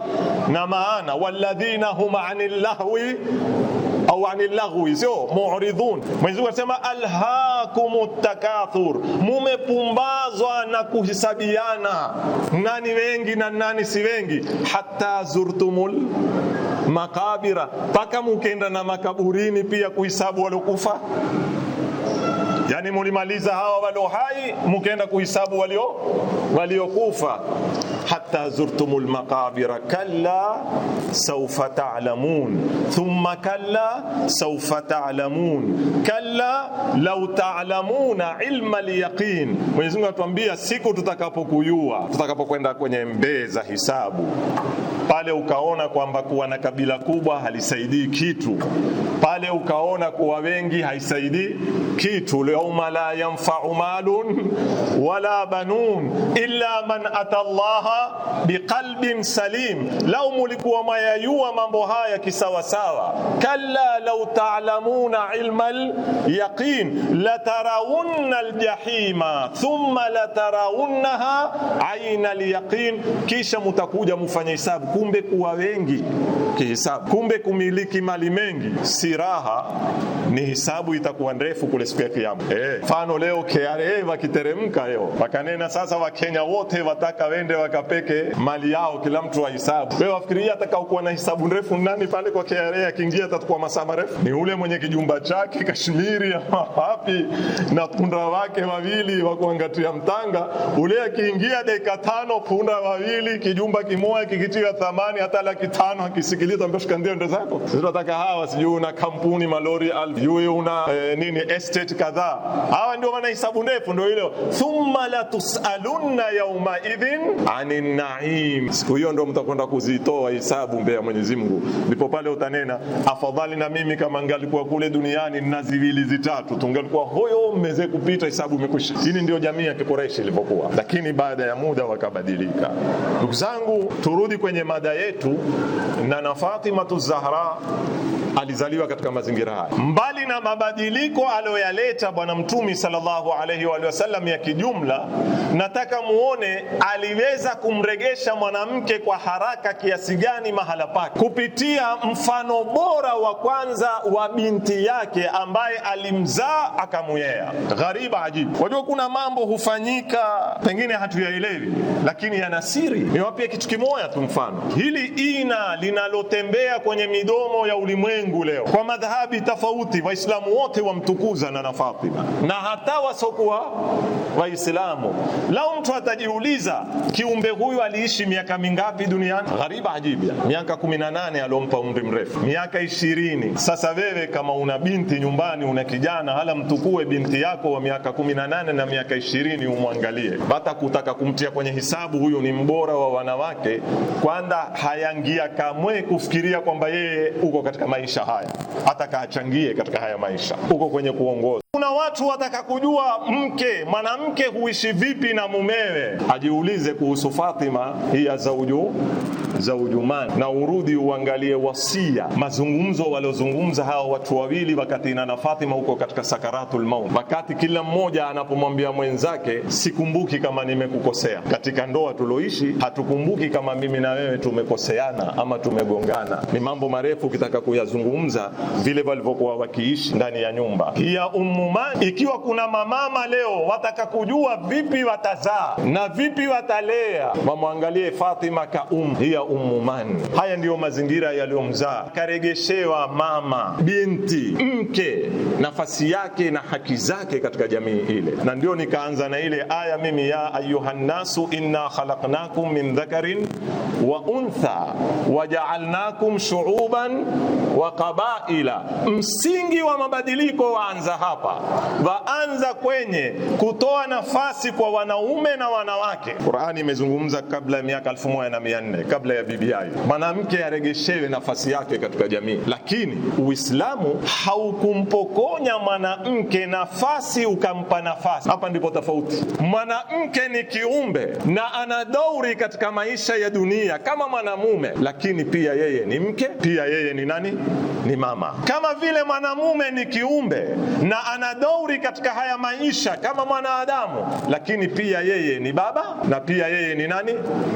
na maana, walladhina hum anil lahwi au anil lahwi sio mu'ridun. Mwenyezi Mungu anasema alhaakumut takathur, mumepumbazwa na kuhisabiana nani wengi na nani si wengi, hatta zurtumul makabira, mpaka mukenda na makaburini pia kuhisabu waliokufa. Yani mulimaliza hawa walio hai, mukenda kuhisabu walio waliokufa hatta zurtumul maqabira kalla sawfa ta'lamun thumma kalla sawfa ta'lamun kalla law ta'lamuna ilma lyaqin Mwenyezi Mungu anatuambia siku tutakapokuyua, tutakapokwenda kwenye mbee za hisabu pale ukaona kwamba kuwa na kabila kubwa halisaidii kitu, pale ukaona kuwa wengi haisaidii kitu yauma la yanfau malun wala banun illa man ata Allaha biqalbin salim. Lau mulikuwa mayayua mambo haya kisawasawa, kalla lau ta'lamuna ilma al-yaqin latarawunna al-jahima thumma latarawunnaha aina al-yaqin, kisha mutakuja mufanye hisabu. Kumbe kuwa wengi kihisabu. Kumbe kumiliki mali mengi si raha, ni hisabu itakuwa ndefu kule siku ya Kiyama. Eh. Mfano leo KRA wakiteremka leo wakanena sasa, Wakenya wote wataka wende wakapeke mali yao, kila mtu wa hisabu Wewe wafikiria atakaokuwa na hisabu ndefu nani pale kwa KRA? Akiingia atakuwa masaa marefu, ni ule mwenye kijumba chake Kashmiri ama wapi na punda wake wawili wa kuangatia mtanga ule, akiingia dakika tano punda wawili kijumba kimoja kikitia thamani hata laki tano akisiki kusikiliza mpeshuka ndio ndo zako. Sisi tunataka hawa, sijui una kampuni malori alfu, una e, nini estate kadhaa. Hawa ndio wana hisabu ndefu, ndio ile thumma la tusalunna yauma idhin anin naim. Siku hiyo ndio mtakwenda kuzitoa hisabu mbele ya Mwenyezi Mungu, ndipo pale utanena, afadhali na mimi kama ngalikuwa kule duniani na ziwili zitatu, tungelikuwa hoyo mmeze kupita, hisabu imekwisha. Hii ndio jamii ya Kikoreshi ilivyokuwa, lakini baada ya muda wakabadilika. Ndugu zangu, turudi kwenye mada yetu na Fatima Zahra alizaliwa katika mazingira haya. Mbali na mabadiliko aliyoyaleta Bwana Mtume sallallahu alayhi wa sallam ya kijumla, nataka muone aliweza kumregesha mwanamke kwa haraka kiasi gani mahala pake, kupitia mfano bora wa kwanza wa binti yake ambaye alimzaa akamuyea. Ghariba ajibu. Wajua, kuna mambo hufanyika pengine hatuyaelewi, lakini yana siri. Niwapie kitu kimoya tu, mfano hili ina linalo wanaotembea kwenye midomo ya ulimwengu leo kwa madhahabi tofauti, Waislamu wote wamtukuza na Fatima na hata wasokuwa Waislamu. Lau mtu atajiuliza kiumbe huyu aliishi miaka mingapi duniani? Ghariba ajibu miaka 18, alompa umri mrefu miaka 20. Sasa wewe kama una binti nyumbani, una kijana, hala mtukue binti yako wa miaka 18 na miaka 20, umwangalie bata kutaka kumtia kwenye hisabu, huyu ni mbora wa wanawake, kwanza hayangia kamwe kufikiria kwamba yeye uko katika maisha haya, hata kaachangie katika haya maisha, uko kwenye kuongoza kuna watu wataka kujua mke mwanamke huishi vipi na mumewe, ajiulize kuhusu Fatima hii ya zauju zaujumani, na urudi uangalie wasia, mazungumzo waliozungumza hawa watu wawili wakati na na Fatima huko katika sakaratul maut, wakati kila mmoja anapomwambia mwenzake, sikumbuki kama nimekukosea katika ndoa tuloishi, hatukumbuki kama mimi na wewe tumekoseana ama tumegongana. Ni mambo marefu ukitaka kuyazungumza, vile walivyokuwa wakiishi ndani ya nyumba hii ya umu umani. Ikiwa kuna mamama leo wataka kujua vipi watazaa na vipi watalea, wamwangalie Fatima ka um hiya ummuman. Haya ndiyo mazingira yaliyomzaa, karegeshewa mama, binti, mke, nafasi yake na haki zake katika jamii ile, na ndio nikaanza na ile aya mimi, ya ayuhannasu inna khalaqnakum min dhakarin wa untha wajaalnakum shuuban wa qabaila. Msingi wa mabadiliko waanza hapa waanza kwenye kutoa nafasi kwa wanaume na wanawake. Qur'ani imezungumza kabla ya miaka 1400 kabla ya BBI, mwanamke aregeshewe nafasi yake katika jamii, lakini Uislamu haukumpokonya mwanamke nafasi ukampa nafasi. Hapa ndipo tofauti. Mwanamke ni kiumbe na ana dauri katika maisha ya dunia kama mwanamume, lakini pia yeye ni mke, pia yeye ni nani? Ni mama. Kama vile mwanamume ni kiumbe na ana ana dauri katika haya maisha kama mwanadamu, lakini pia yeye ni baba na pia yeye ni nani?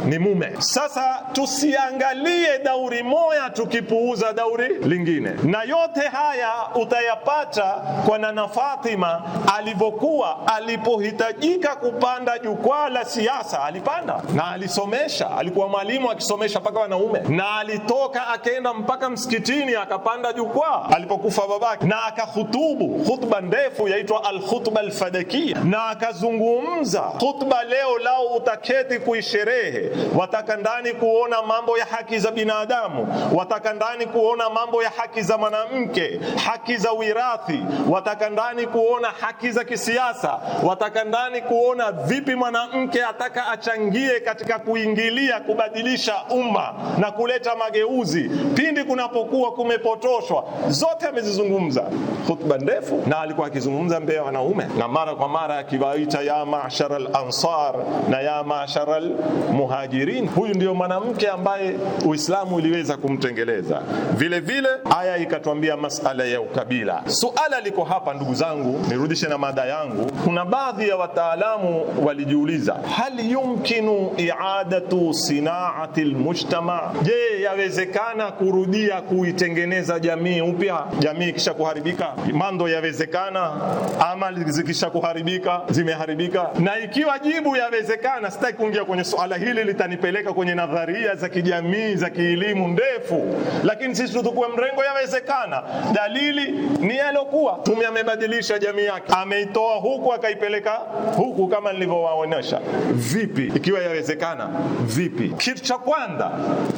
Ni mume. Sasa tusiangalie dauri moja tukipuuza dauri lingine, na yote haya utayapata kwa Nana Fatima alivyokuwa, alipohitajika kupanda jukwaa la siasa alipanda, na alisomesha, alikuwa mwalimu akisomesha mpaka wanaume, na alitoka akaenda mpaka msikitini akapanda jukwaa alipokufa babake, na akahutubu hutuba ndefu yaitwa alkhutba alfadakia, na akazungumza khutba. Leo lao utaketi kuisherehe, wataka ndani kuona mambo ya haki za binadamu, wataka ndani kuona mambo ya haki za mwanamke, haki za wirathi, wataka ndani kuona haki za kisiasa, wataka ndani kuona vipi mwanamke ataka achangie katika kuingilia kubadilisha umma na kuleta mageuzi pindi kunapokuwa kumepotoshwa. Zote amezizungumza, khutba ndefu na alikuwa akizungumza mbele ya wanaume na mara kwa mara akiwaita ya mashara al-ansar na ya mashara al-muhajirin. Huyu ndio mwanamke ambaye Uislamu uliweza kumtengeleza. Vile vile aya ikatwambia masala ya ukabila. Suala liko hapa, ndugu zangu, nirudishe na mada yangu. Kuna baadhi ya wataalamu walijiuliza, hal yumkinu i'adatu sinaati al-mujtama, je, yawezekana kurudia kuitengeneza jamii upya jamii kisha kuharibika? Mando yawezekana zimewezekana ama kuharibika zimeharibika. Na ikiwa jibu yawezekana, sitaki kuingia kwenye suala hili, litanipeleka kwenye nadharia za kijamii za kielimu ndefu, lakini sisi tutukue mrengo yawezekana. Dalili ni yalokuwa tumi amebadilisha jamii yake, ameitoa huku akaipeleka huku, kama nilivyowaonyesha Vipi ikiwa yawezekana? Vipi? Kitu cha kwanza,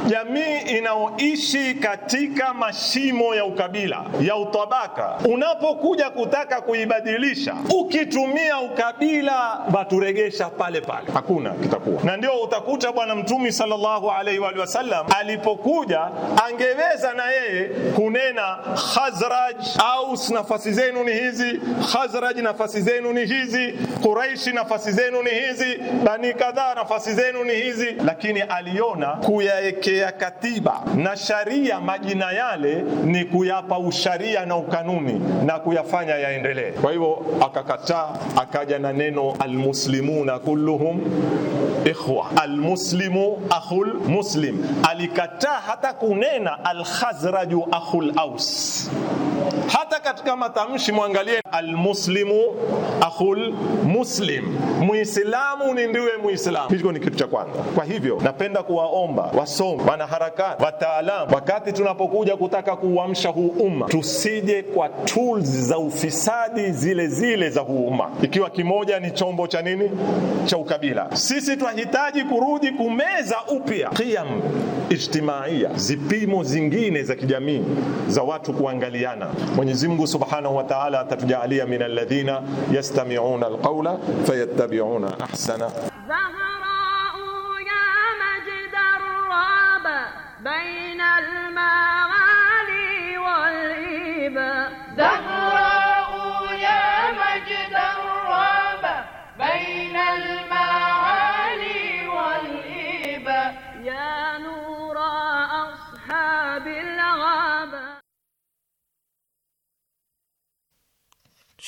jamii inaoishi katika mashimo ya ukabila ya utabaka, unapokuja kuta ukitaka kuibadilisha, ukitumia ukabila waturegesha pale pale, hakuna kitakuwa. Na ndio utakuta Bwana Mtume sallallahu alaihi wa sallam alipokuja, angeweza na yeye kunena Khazraj, au nafasi zenu ni hizi, Khazraj nafasi zenu ni hizi, Quraishi nafasi zenu ni hizi, Bani kadhaa nafasi zenu ni hizi, lakini aliona kuyaekea katiba na sharia majina yale ni kuyapa usharia na ukanuni na kuyafanya ya yaendelee. Kwa hivyo akakataa, akaja na neno almuslimuna kulluhum ikhwa, almuslimu akhul muslim. Alikataa hata kunena alkhazraju akhul aus hata katika matamshi mwangalie, almuslimu akhul muslim, muislamu ni ndiwe muislamu. Hicho ni kitu cha kwanza. Kwa hivyo napenda kuwaomba wasomi, wanaharakati, wataalamu, wakati tunapokuja kutaka kuuamsha huu umma, tusije kwa tools za ufisi fasadi zile zile za huu umma, ikiwa kimoja ni chombo cha nini cha ukabila. Sisi twahitaji kurudi kumeza upya qiyam ijtimaia, zipimo zingine za kijamii za watu kuangaliana. Mwenyezi Mungu Subhanahu wa Ta'ala atatujalia min alladhina yastami'una alqawla fayattabi'una ahsana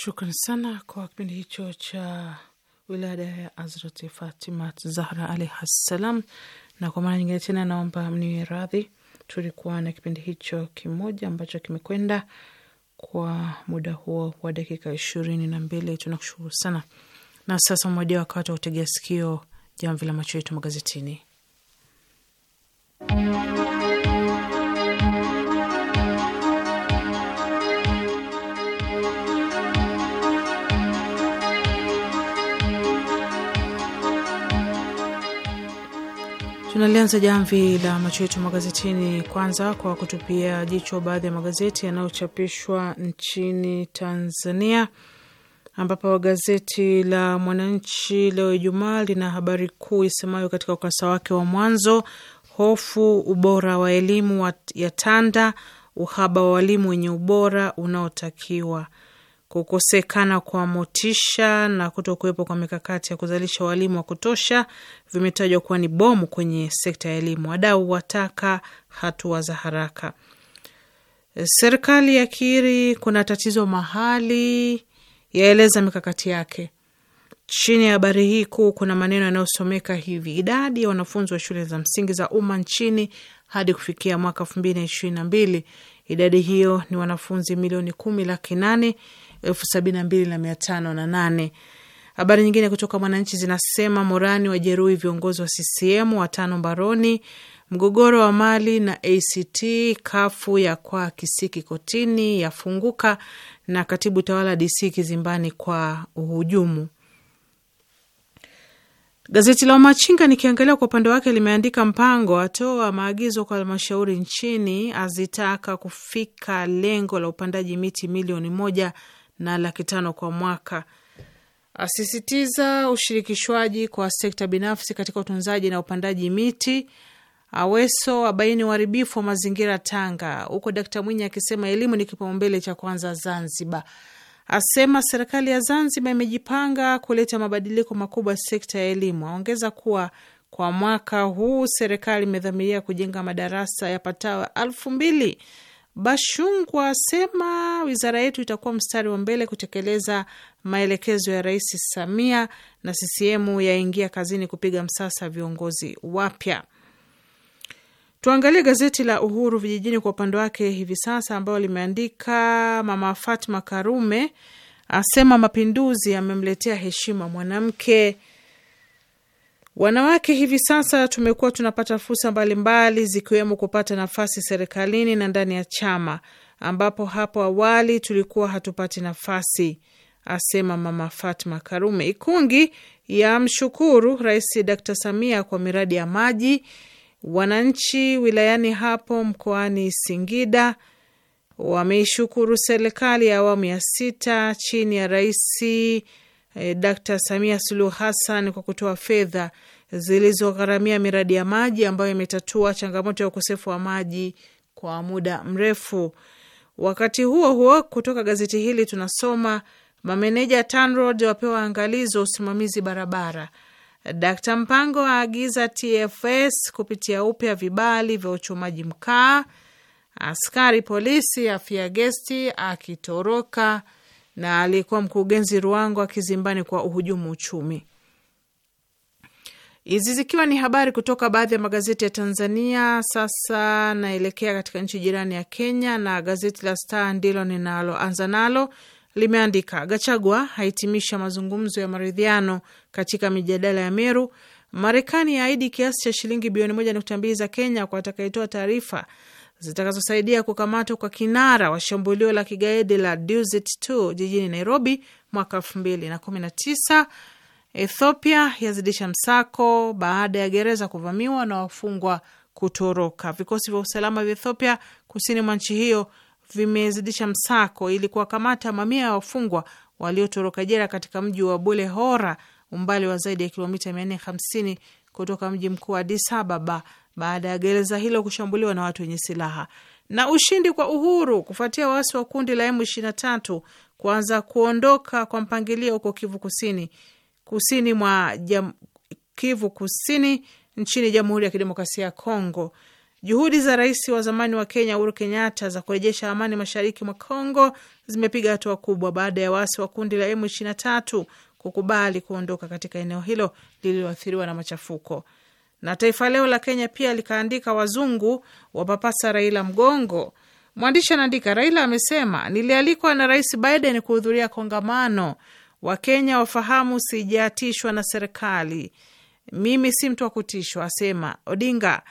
Shukran sana kwa kipindi hicho cha wilada ya Azrati Fatima Zahra alaih salam. Na kwa mara nyingine tena, naomba mniwe radhi, tulikuwa na kipindi hicho kimoja ambacho kimekwenda kwa muda huo wa dakika ishirini na mbili. Tunakushukuru sana, na sasa mmoja wakati wa kutegea sikio jamvi la macho yetu magazetini. Tunalianza jamvi la macho yetu magazetini kwanza kwa kutupia jicho baadhi ya magazeti yanayochapishwa nchini Tanzania, ambapo gazeti la Mwananchi leo Ijumaa lina habari kuu isemayo katika ukurasa wake wa mwanzo, hofu ubora wa elimu ya tanda, uhaba wa walimu wenye ubora unaotakiwa Kukosekana kwa motisha na kutokuwepo kwa mikakati ya kuzalisha walimu wa kutosha vimetajwa kuwa ni bomu kwenye sekta ya elimu. Wadau wataka hatua wa za haraka. Serikali ya kiri kuna tatizo mahali, yaeleza mikakati yake. Chini ya habari hii kuu kuna maneno yanayosomeka hivi: idadi ya wanafunzi wa shule za msingi za umma nchini hadi kufikia mwaka elfu mbili na ishirini na mbili Idadi hiyo ni wanafunzi milioni kumi laki nane elfu sabini na mbili na mia tano na nane. Habari nyingine kutoka Mwananchi zinasema Morani wajeruhi viongozi wa CCM watano mbaroni, mgogoro wa mali na ACT, kafu ya kwa kisiki kotini yafunguka, na katibu tawala DC kizimbani kwa uhujumu. Gazeti la umachinga nikiangalia kwa upande wake limeandika Mpango atoa maagizo kwa halmashauri nchini, azitaka kufika lengo la upandaji miti milioni moja na laki tano kwa mwaka, asisitiza ushirikishwaji kwa sekta binafsi katika utunzaji na upandaji miti. Aweso abaini uharibifu wa mazingira Tanga, huko Dakta Mwinyi akisema elimu ni kipaumbele cha kwanza Zanzibar asema serikali ya Zanzibar imejipanga kuleta mabadiliko makubwa sekta ya elimu. Aongeza kuwa kwa mwaka huu serikali imedhamiria kujenga madarasa ya patao elfu mbili. Bashungwa asema wizara yetu itakuwa mstari wa mbele kutekeleza maelekezo ya Rais Samia na CCM yaingia kazini kupiga msasa viongozi wapya. Tuangalie gazeti la Uhuru Vijijini kwa upande wake hivi sasa, ambayo limeandika Mama Fatma Karume asema mapinduzi yamemletea heshima mwanamke. Wanawake hivi sasa tumekuwa tunapata fursa mbalimbali, zikiwemo kupata nafasi serikalini na ndani ya chama, ambapo hapo awali tulikuwa hatupati nafasi, asema Mama Fatma Karume. Ikungi ya mshukuru Rais Dkt Samia kwa miradi ya maji Wananchi wilayani hapo mkoani Singida wameishukuru serikali ya awamu ya sita chini ya Rais eh, Dr Samia Suluhu Hassan kwa kutoa fedha zilizogharamia miradi ya maji ambayo imetatua changamoto ya ukosefu wa maji kwa muda mrefu. Wakati huo huo, kutoka gazeti hili tunasoma mameneja TANROADS wapewa angalizo usimamizi barabara Dkt Mpango aagiza TFS kupitia upya vibali vya uchomaji mkaa. Askari polisi afia gesti akitoroka, na aliyekuwa mkurugenzi Ruangwa akizimbani kwa uhujumu uchumi. Hizi zikiwa ni habari kutoka baadhi ya magazeti ya Tanzania. Sasa naelekea katika nchi jirani ya Kenya, na gazeti la Star ndilo ninaloanza nalo. Limeandika Gachagua haitimisha mazungumzo ya maridhiano katika mijadala ya Meru. Marekani yaahidi kiasi cha shilingi bilioni moja nukta mbili za Kenya kwa atakayetoa taarifa zitakazosaidia kukamatwa kwa kinara wa shambulio la kigaidi la Dusit 2 jijini Nairobi mwaka elfu mbili na kumi na tisa. Ethiopia yazidisha msako baada ya gereza kuvamiwa na wafungwa kutoroka. Vikosi vya usalama vya Ethiopia kusini mwa nchi hiyo vimezidisha msako ili kuwakamata mamia ya wafungwa waliotoroka jera katika mji wa Bule Hora, umbali wa zaidi ya kilomita 450 kutoka mji mkuu wa Addis Ababa baada ya gereza hilo kushambuliwa na watu wenye silaha, na ushindi kwa uhuru kufuatia waasi wa kundi la M23 kuanza kuondoka kwa mpangilio huko Kivu Kusini, kusini mwa jam, Kivu Kusini nchini Jamhuri ya Kidemokrasia ya Kongo. Juhudi za rais wa zamani wa Kenya Uhuru Kenyatta za kurejesha amani mashariki mwa Kongo zimepiga hatua kubwa baada ya waasi wa kundi la M23 kukubali kuondoka katika eneo hilo lililoathiriwa na machafuko. Na Taifa Leo la Kenya pia likaandika wazungu wapapasa Raila mgongo. Mwandishi anaandika, Raila amesema nilialikwa na Rais Biden kuhudhuria kongamano. Wakenya wafahamu sijatishwa na serikali, mimi si mtu wa kutishwa, asema Odinga.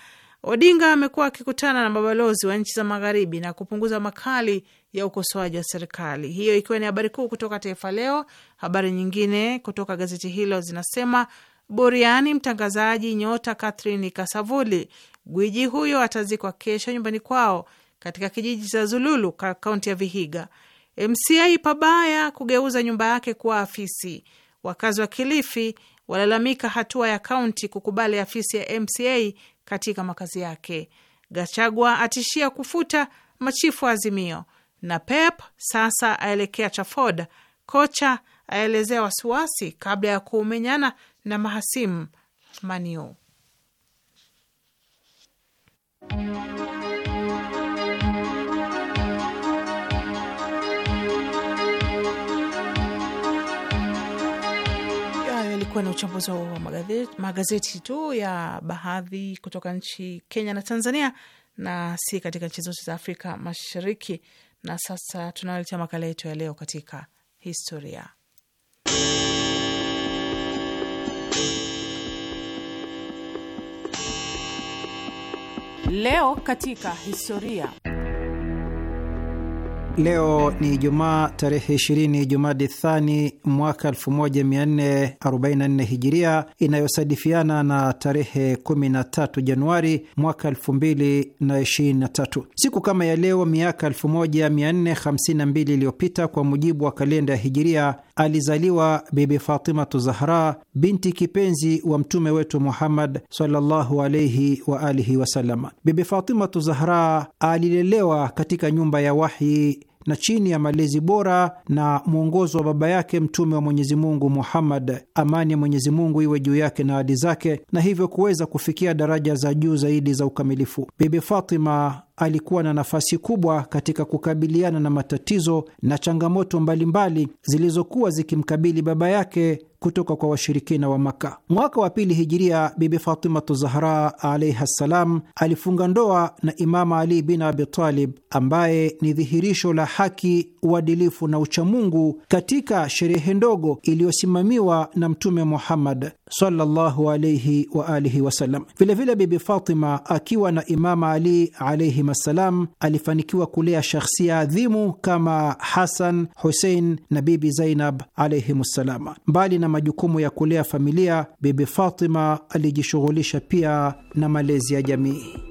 Odinga amekuwa akikutana na mabalozi wa nchi za magharibi na kupunguza makali ya ukosoaji wa serikali. Hiyo ikiwa ni habari kuu kutoka Taifa Leo. Habari nyingine kutoka gazeti hilo zinasema buriani mtangazaji nyota Catherine Kasavuli. Gwiji huyo atazikwa kesho nyumbani kwao katika kijiji cha Zululu, kaunti ya Vihiga. MCA pabaya kugeuza nyumba yake kuwa afisi. Wakazi wa Kilifi walalamika hatua ya kaunti kukubali afisi ya MCA katika makazi yake. Gachagua atishia kufuta machifu wa Azimio na Pep sasa aelekea Trafford. Kocha aelezea wasiwasi kabla ya kuumenyana na mahasimu Maniu. Yalikuwa ni uchambuzi wa magazeti, magazeti tu ya baadhi kutoka nchi Kenya na Tanzania, na si katika nchi zote za Afrika Mashariki. Na sasa tunawaletea makala yetu ya leo katika historia. Leo katika historia Leo ni Ijumaa tarehe 20 Jumadi Thani mwaka 1444 Hijiria, inayosadifiana na tarehe 13 Januari mwaka 2023. Siku kama ya leo miaka 1452 iliyopita, kwa mujibu wa kalenda ya Hijiria, alizaliwa Bibi Fatimatu Zahra, binti kipenzi wa mtume wetu Muhammad sallallahu wa alihi wasallam. Bibi Fatimatu Zahra alilelewa katika nyumba ya wahi na chini ya malezi bora na mwongozo wa baba yake Mtume wa Mwenyezi Mungu Muhammad, amani ya Mwenyezi Mungu iwe juu yake na hadi zake, na hivyo kuweza kufikia daraja za juu zaidi za ukamilifu. Bibi Fatima alikuwa na nafasi kubwa katika kukabiliana na matatizo na changamoto mbalimbali zilizokuwa zikimkabili baba yake kutoka kwa washirikina wa Maka. Mwaka wa pili hijiria, Bibi Fatimatu Zahra alaihi ssalam alifunga ndoa na imamu Ali bin Abitalib, ambaye ni dhihirisho la haki, uadilifu na uchamungu katika sherehe ndogo iliyosimamiwa na Mtume Muhammad sallallahu alayhi wa alihi wasallam. Vilevile Bibi Fatima akiwa na Imama Ali alayhim assalam alifanikiwa kulea shakhsia adhimu kama Hasan, Husein na Bibi Zainab alaihim assalam. Mbali na majukumu ya kulea familia, Bibi Fatima alijishughulisha pia na malezi ya jamii.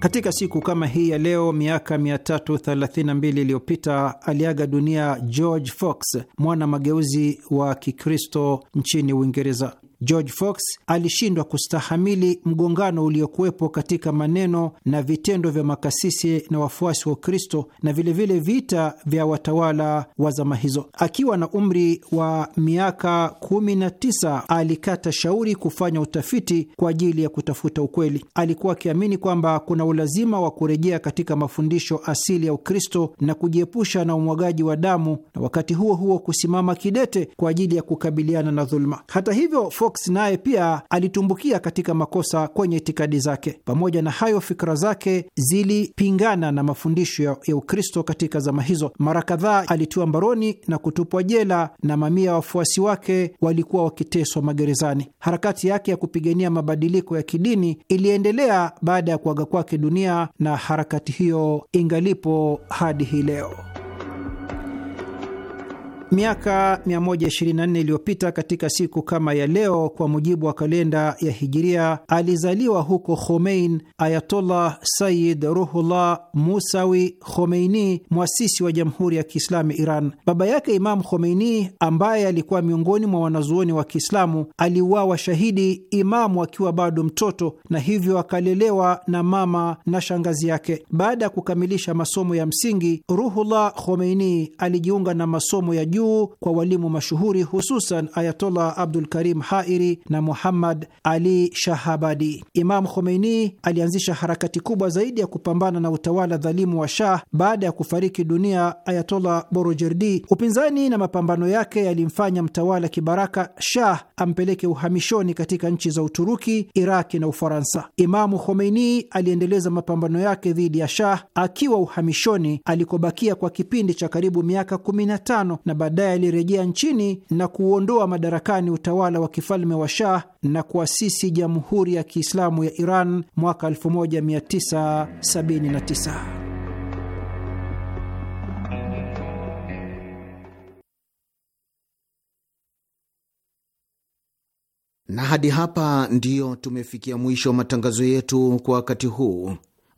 Katika siku kama hii ya leo miaka 332 iliyopita aliaga dunia George Fox, mwana mageuzi wa Kikristo nchini Uingereza. George Fox alishindwa kustahamili mgongano uliokuwepo katika maneno na vitendo vya makasisi na wafuasi wa Ukristo na vilevile vile vita vya watawala wa zama hizo. Akiwa na umri wa miaka 19 alikata shauri kufanya utafiti kwa ajili ya kutafuta ukweli. Alikuwa akiamini kwamba kuna ulazima wa kurejea katika mafundisho asili ya Ukristo na kujiepusha na umwagaji wa damu na wakati huo huo kusimama kidete kwa ajili ya kukabiliana na dhuluma. Hata hivyo Fox Fox naye pia alitumbukia katika makosa kwenye itikadi zake. Pamoja na hayo, fikra zake zilipingana na mafundisho ya Ukristo katika zama hizo. Mara kadhaa alitiwa mbaroni na kutupwa jela, na mamia ya wafuasi wake walikuwa wakiteswa magerezani. Harakati yake ya kupigania mabadiliko ya kidini iliendelea baada ya kuaga kwake dunia, na harakati hiyo ingalipo hadi hii leo. Miaka 124 iliyopita katika siku kama ya leo, kwa mujibu wa kalenda ya Hijiria, alizaliwa huko Khomein Ayatollah Sayid Ruhullah Musawi Khomeini, mwasisi wa Jamhuri ya Kiislamu Iran. Baba yake Imamu Khomeini, ambaye alikuwa miongoni mwa wanazuoni wa Kiislamu, aliuawa shahidi Imamu akiwa bado mtoto, na hivyo akalelewa na mama na shangazi yake. Baada ya kukamilisha masomo ya msingi, Ruhullah Khomeini alijiunga na masomo ya juu juu kwa walimu mashuhuri, hususan Ayatollah Abdul Karim Hairi na Muhammad Ali Shahabadi. Imam Khomeini alianzisha harakati kubwa zaidi ya kupambana na utawala dhalimu wa Shah baada ya kufariki dunia Ayatollah Borojerdi. Upinzani na mapambano yake yalimfanya mtawala kibaraka Shah ampeleke uhamishoni katika nchi za Uturuki, Iraki na Ufaransa. Imamu Khomeini aliendeleza mapambano yake dhidi ya Shah akiwa uhamishoni alikobakia kwa kipindi cha karibu miaka 15 na baadaye alirejea nchini na kuondoa madarakani utawala wa kifalme wa Shah na kuasisi Jamhuri ya Kiislamu ya Iran mwaka 1979. Na hadi hapa ndiyo tumefikia mwisho wa matangazo yetu kwa wakati huu.